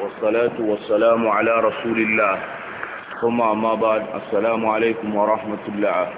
والصلاة والسلام على رسول الله ثم ما بعد السلام عليكم ورحمة الله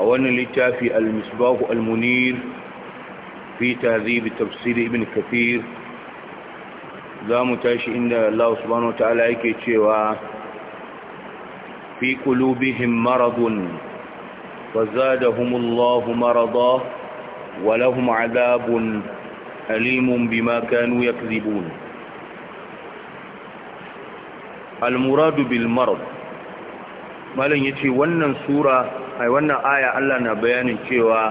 أولا لتافي المصباح المنير في تهذيب تفسير ابن كثير za mu tashi inda Allah subhanahu ta'ala yake cewa fi qulubihim maradun fazadahumullahu marada wa lahum adabun عليم بما كانوا يكذبون المراد بالمرض malam ya wannan sura ai wannan aya Allah na bayanin cewa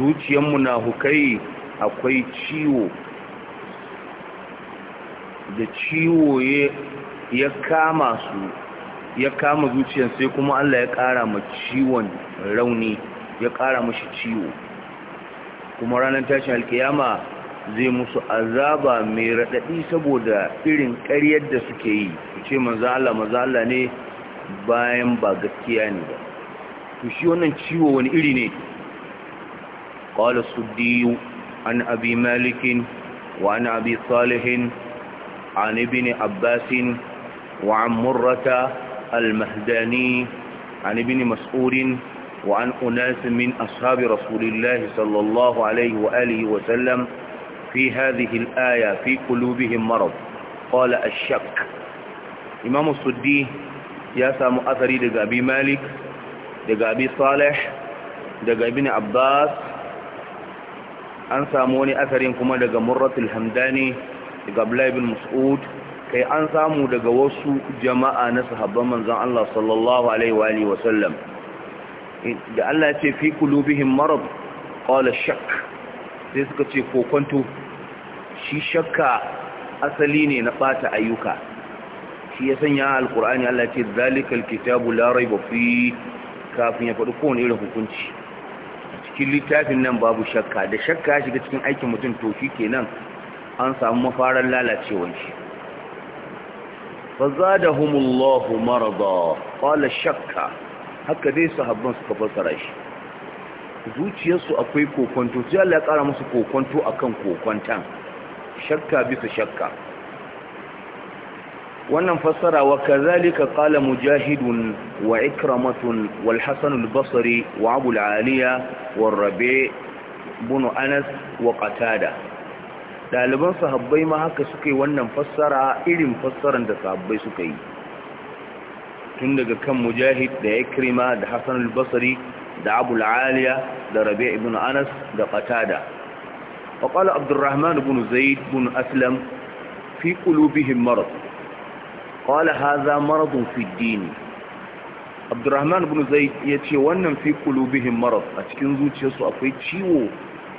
zuciyarmu na hukai akwai ciwo da ciwo ya kama su ya kama zuciyar sai kuma Allah ya kara ma ciwon rauni ya kara mashi ciwo kuma ranar tashin alkiyama zai musu azaba mai raɗaɗi saboda irin ƙaryar da suke yi su ce mazaala mazaala ne bayan ba gaskiya ne ba to shi wannan ciwo wani iri ne su suddiyu an abi malikin wa an abi salihin an ibn abbas wa an murrata al-mahdani an ibn mas'ud وعن أناس من أصحاب رسول الله صلى الله عليه وآله وسلم في هذه الآية في قلوبهم مرض قال الشك إمام السدي يا سامو لقابي مالك لقابي صالح daga ibn abbas an samu wani asarin kuma daga murratul hamdani daga abdullahi bin mas'ud kai an samu daga wasu jama'a na sahabban manzon Allah sallallahu alaihi wa alihi wa sallam da Allah ya ce fi qulubihim marad qala shakk sai suka ce kokonto shi shakka asali ne na ɓata ayyuka shi ya sanya alqur'ani Allah ya ce zalikal kitabu la raiba fi kafin ya faɗi kowane irin hukunci cikin littafin nan babu shakka da shakka ya shiga cikin aikin mutum to shi kenan an samu mafarar lalacewar shi fa zadahumullahu marada qala shakka haka dai sahabban suka fassara shi zuciyarsu akwai kokwanto, sai Allah ya ƙara musu kokonto akan kokwantan. shakka bisa shakka wannan fassara wa kazalika qala mujahidun wa ikramatun wal hasan al basri wa abu al aliya war rabi anas wa qatada daliban sahabbai ma haka suka yi wannan fassara irin fassaran da sahabbai suka yi tun daga kan mujahid da ya ikrima da Hassan al-basri da abu al da Rabi'a ibn anas da qatada wa qala abdurrahman ibn zaid ibn aslam fi qulubihim marad qala hadha marad fi ad-din abdurrahman ibn zaid ce wannan fi qulubihim marad a cikin zuciyarsu akwai ciwo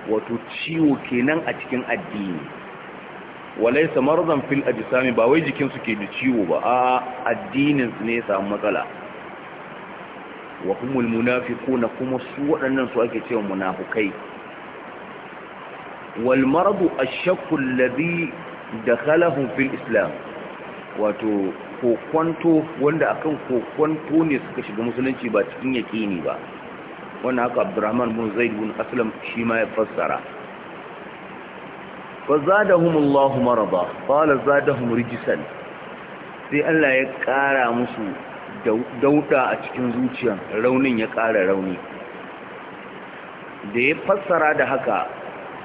wato ciwo kenan a cikin addini walaysa mardan fil ajsami ba wai jikin su ke da ciwo ba a addinin su ne samun matsala wa humul munafiquna kuma su waɗannan su ake cewa munafukai wal maradu ash-shakku alladhi dakhalahum fil islam wato kokwanto wanda akan kokwanto ne suka shiga musulunci ba cikin ne ba wannan haka abdurrahman bin zaid bin aslam shi ma ya fassara فزادهم الله مرضا قال زادهم رجسا sai Allah ya ƙara musu dauda a cikin zuciyar raunin ya ƙara rauni da ya fassara da haka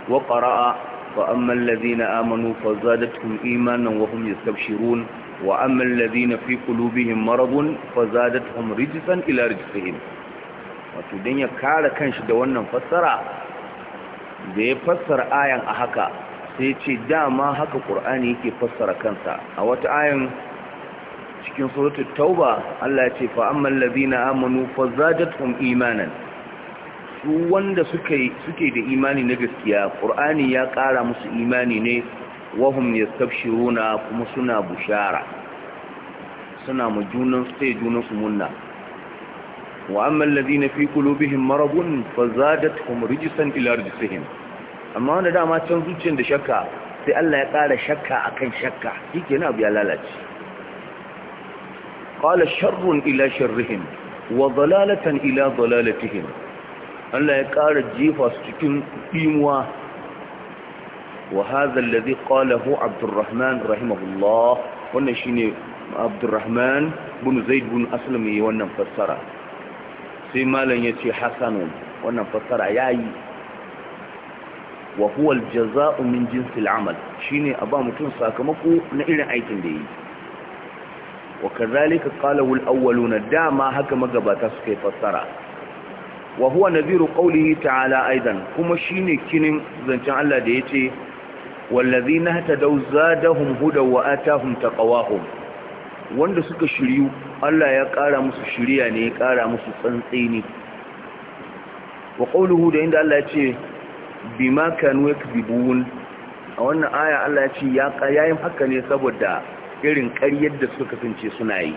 wa qara'a fa ammal ladhina amanu fazadatuhum imanan wa hum yastabshirun wa ammal ladhina fi qulubihim maradun fazadatuhum rijsan ila rijsihim wato dan ya kare kanshi da wannan fassara da ya fassara ayan a haka sai ce dama haka ƙur'ani yake fassara kansa a wata ayin cikin suratul tauba Allah ya ce fa ammal amanu fazadatuhum imanin. su wanda suke da imani na gaskiya ƙur'ani ya ƙara musu imani ne wahum yastabshiruna kuma suna bushara suna mu junan sai junan su munna wa ammal fi qulubihim maradun fazadatuhum rijsan ila rijsihim amma wanda dama can zuciyar da shakka sai Allah ya ƙara shakka akan shakka shi ke abu ya lalace Kala sharrun ila sharrihim wa zalalatan ila zalalatihim Allah ya ƙara jefa su cikin ɗimuwa wa kala lalazi ƙalahu abdurrahman rahimahullah wannan shi ne abdurrahman bin zaid bin aslam wannan fassara sai malam ya ce hassanun wannan fassara ya yi wa huwa aljaza'u min jinsil amal shine a ba mutum sakamako na irin aikin da yi wa kadhalika qalahu alawwaluna dama haka magabata suka fassara wa huwa nadhiru qawlihi ta'ala aidan kuma shine kinin zancen Allah da yace wallazina hatadaw zadahum hudaw wa atahum taqawahum wanda suka shiryu Allah ya ƙara musu shiriya ne ya ƙara musu tsantsini wa qawluhu da inda Allah ya ce bima kanu yakzibun a wannan aya Allah ya ce ya kayayin haka ne saboda irin ƙaryar da suka kasance suna yi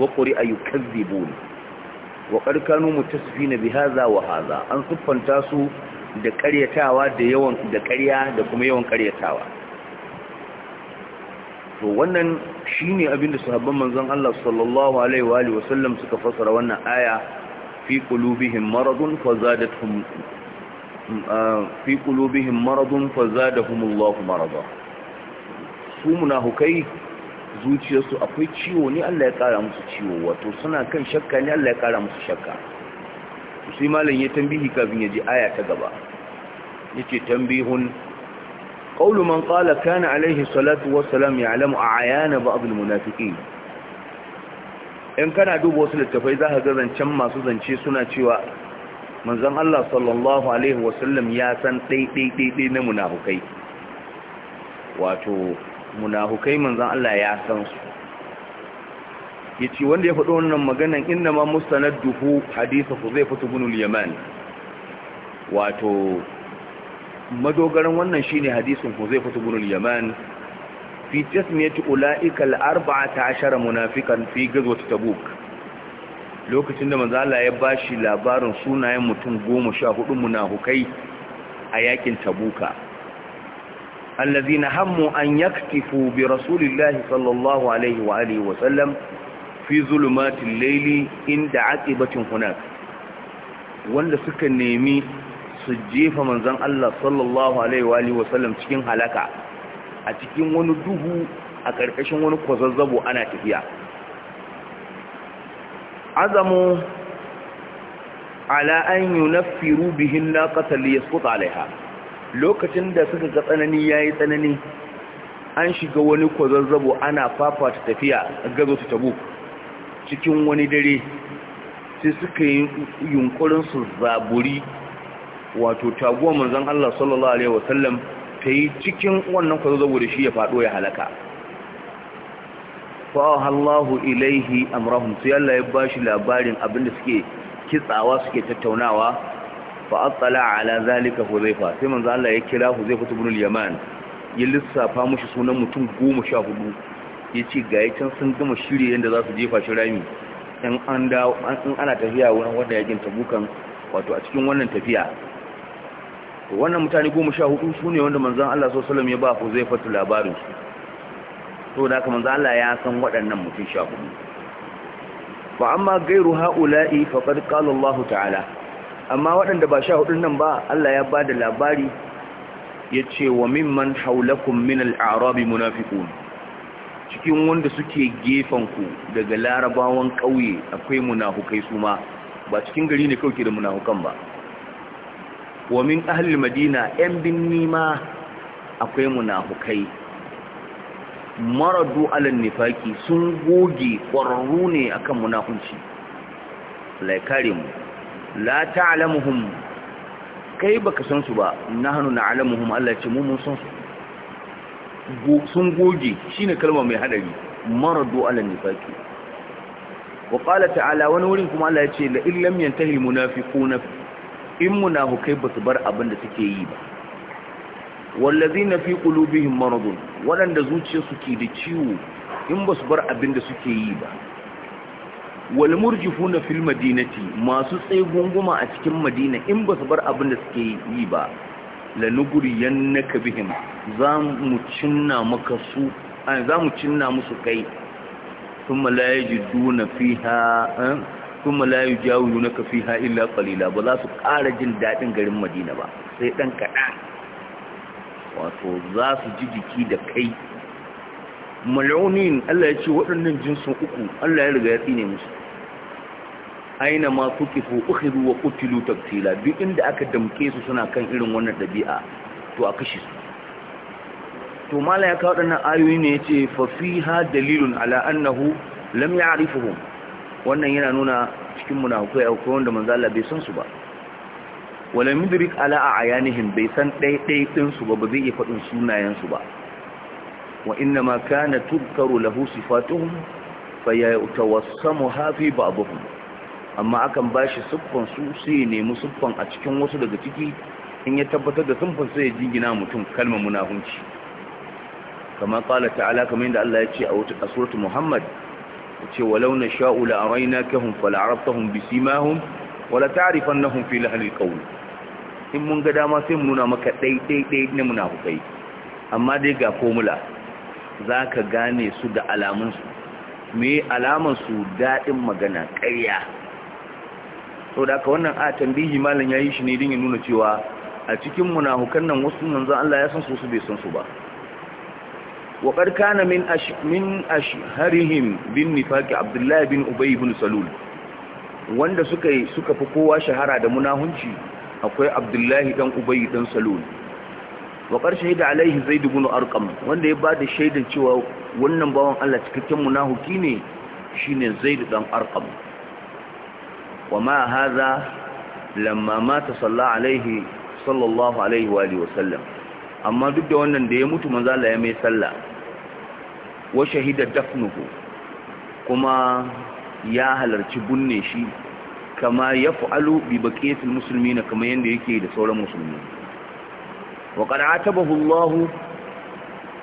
wa waƙar yukazzibun wa qad kanu mutasfina bihaza wa haza an siffanta su da ƙaryatawa da yawan da ƙarya da kuma yawan ƙaryatawa to wannan shine abinda sahabban manzon Allah sallallahu alaihi wa alihi wasallam suka fassara wannan aya fi qulubihim maradun fazadatuhum fi qulubihim maradun fazadahumullahu marada su munafukai zuciyarsu akwai ciwo ne Allah ya kara musu ciwo wato suna kan shakka ne Allah ya kara musu shakka sai malam ya tambihi kafin ya ji aya ta gaba yace tambihun qawlu man qala kana alaihi salatu wassalam ya'lamu a'yana ba'd almunafiqin in kana duba wasu littafai ka ga zancen masu zance suna cewa manzon Allah sallallahu alaihi wasallam ya san ɗaiɗaiɗaiɗai na munahukai. wato munahukai manzon Allah ya san su yace wanda ya faɗo wannan maganan inna ma mustanadduhu hadithu zai ibn al-Yaman wato madogaran wannan shine hadisin zai ibn al-Yaman fi tasmiyati ulaika al-14 munafiqan fi ta Tabuk lokacin da manzala ya ba shi labarin sunayen mutum goma sha hudu munafukai a yakin tabuka na hammu an kifu bi rasulillahi sallallahu alaihi wa alihi wa sallam fi zulumatin laili inda aqibatin hunak wanda suka nemi su jefa manzan Allah sallallahu alaihi wa alihi wa cikin halaka a cikin wani duhu a ƙarƙashin wani kwazazzabo ana tafiya azamu ala an yunaffiru bihin naqata liyasqut alaiha lokacin da suka ga tsanani yayi tsanani an shiga wani kwazazzabo ana fafata tafiya gazo ta tabu cikin wani dare sai suka yi yunkurin su zaburi wato taguwa manzon Allah sallallahu alaihi wasallam ta yi cikin wannan kwazazzabo da shi ya faɗo ya halaka fa'aha Allahu ilaihi amrahum sai Allah ya ba shi labarin abinda suke kitsawa suke tattaunawa fa attala ala zalika huzaifa sai manzo Allah ya kira huzaifa ibn al-yaman ya lissafa mushi sunan mutum 14 ce ga yayin sun gama shirye yanda za su jefa shi rami in an ana tafiya wurin wanda yakin tabukan wato a cikin wannan tafiya wannan mutane 14 sune wanda manzan Allah sallallahu alaihi wasallam ya ba huzaifa labarin su to da kuma Allah ya san waɗannan mutum sha hudu fa amma gairu haula'i faqad qala Allah ta'ala amma waɗanda ba sha hudun nan ba Allah ya bada labari yace wa mimman haulakum min al-a'rab munafiqun cikin wanda suke gefan ku daga larabawan ƙauye akwai munafukai su ma ba cikin gari ne kauke da munafukan ba wa min ahli madina yan binni ma akwai munafukai maradu alan nifaki sun goge ƙwararru ne akan munafunci laikari mu la alamuhun kai baka san su ba na hannu na alamuhun Allah ce mummun mun san su sun goge Shi ne kalma mai hadari maradu alan nifaki wa qala ta'ala wani wurin kuma Allah ya ce la illam na fi, in kai ba su bar abin da suke yi ba wallazi na fi ƙulubihin maradun waɗanda zuciyarsu ke da ciwo in ba su bar abin da suke yi ba walmurjifu na fil madinati masu tsaye gunguma a cikin madina in ba su bar abin da suke yi ba Lanuguri, na ka za cinna za mu cinna musu kai sun malaye na fiha sun malaye jawo na ka fiha illa kalila ba za su ƙara jin daɗin garin madina ba sai ɗan kaɗan wato za su ji jiki da kai mal'unin Allah ya ce waɗannan jinsin uku Allah ya riga ya tsine musu aina ma kukifu ukhidu wa qutilu taktila duk inda aka damke su suna kan irin wannan dabi'a to a kashe su to mala ya kawo waɗannan ayoyi ne yace fa fiha dalilun ala annahu lam ya'rifuhum wannan yana nuna cikin munafikai akwai wanda manzo Allah bai san su ba wala al'a'a ala ayanihim bai san ɗaiɗai ɗinsu ba ba zai iya faɗin sunayensu ba wa inna ma kana Ba lahu sifatuhum fa yatawassamu hafi ba'dhum amma akan bashi siffan su sai nemi siffan a cikin wasu daga ciki in ya tabbatar da siffan sai ya jingina mutum kalma munafunci kama qala ta'ala kamar yadda Allah ya ce a wata suratu Muhammad ce walau nasha'u la arainakahum bisimahum wala nahum fi lahal qawl in mun ga dama sai mun nuna maka dai dai dai ne munafukai amma dai ga formula zaka gane su da alamun su me alaman su dadin magana ƙarya so da ka wannan a tambihi malam yayi shi ne din ya nuna cewa a cikin munafukan nan wasu manzon Allah ya san su su bai san su ba wa qad kana min ash min ashharihim bin nifaqi abdullah bin ubay bin salul wanda suka suka fi kowa shahara da munahunci akwai abdullahi dan ubayi dan salul wa ƙarshe da alaihi zai ibn arqam wanda ya bada da shaidan cewa wannan bawan Allah cikakken munahuki ne shine zaid dan arqam wa ma hadha lamma mata salla alaihi sallallahu alaihi wa alihi wasallam amma duk da wannan da ya mutu manzo Allah ya mai salla wa shahida dafnuhu kuma ya halarci bunne shi kama ya fa'alu bi musulmi na kama yanda yake da sauran musulmi wa a atabahu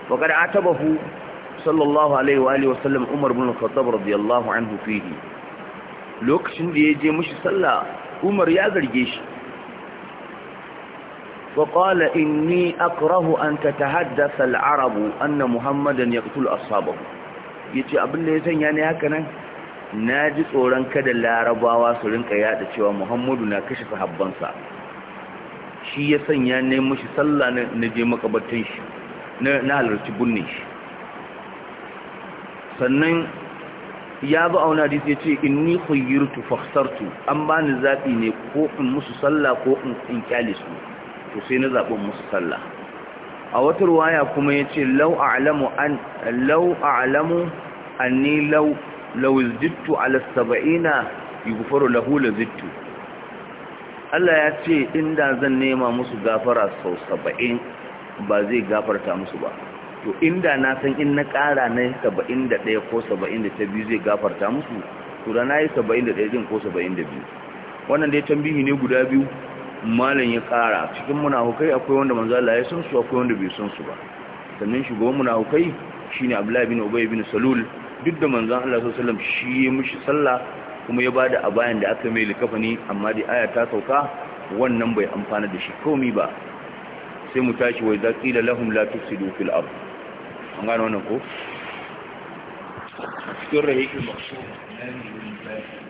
Allah sallallahu alaihi wa alihi wa sallam Umar bin al-Khattab radiyallahu anhu fihi lokacin da yaje sallah Umar ya zarge shi وقال إني أكره أن تتحدث العرب أن محمدا يقتل أصحابه يتي أبن ليسن يعني هكذا na ji tsoron kada larabawa su rinka yada cewa muhammadu na kashe sahabbansa shi ya sanya ne shi sallah na je makabartin shi na halarci bunne shi sannan ya zo auna da ya ce in ni khayyirtu fakhsartu an bani zaɓi ne ko in musu sallah ko in kyale su to sai na zaɓi musu sallah a wata ruwaya kuma ya ce lau a'lamu an ni lau lawis zittu ala saba'ina yughfaru lahu la zittu Allah ya ce inda zan nema musu gafara sau saba'in ba zai gafarta musu ba to inda na san in na ƙara na saba'in da ɗaya ko saba'in da ta biyu zai gafarta musu to da na yi saba'in da ɗaya din ko saba'in da biyu wannan dai tambihi ne guda biyu malam ya ƙara cikin hukai akwai wanda manzo Allah ya san su akwai wanda bai san su ba sannan shugaban hukai shine Abdullah bin Ubay bin Salul duk da manzan Allah sallallahu alaihi shi ya mishi sallah kuma ya bada a bayan da aka mai likafani amma dai aya ta sauka wannan bai amfana da shi komai ba sai mu tashi wai za qila lahum la tufsidu fil ard an gano wannan ko cikin rahiqul maqsum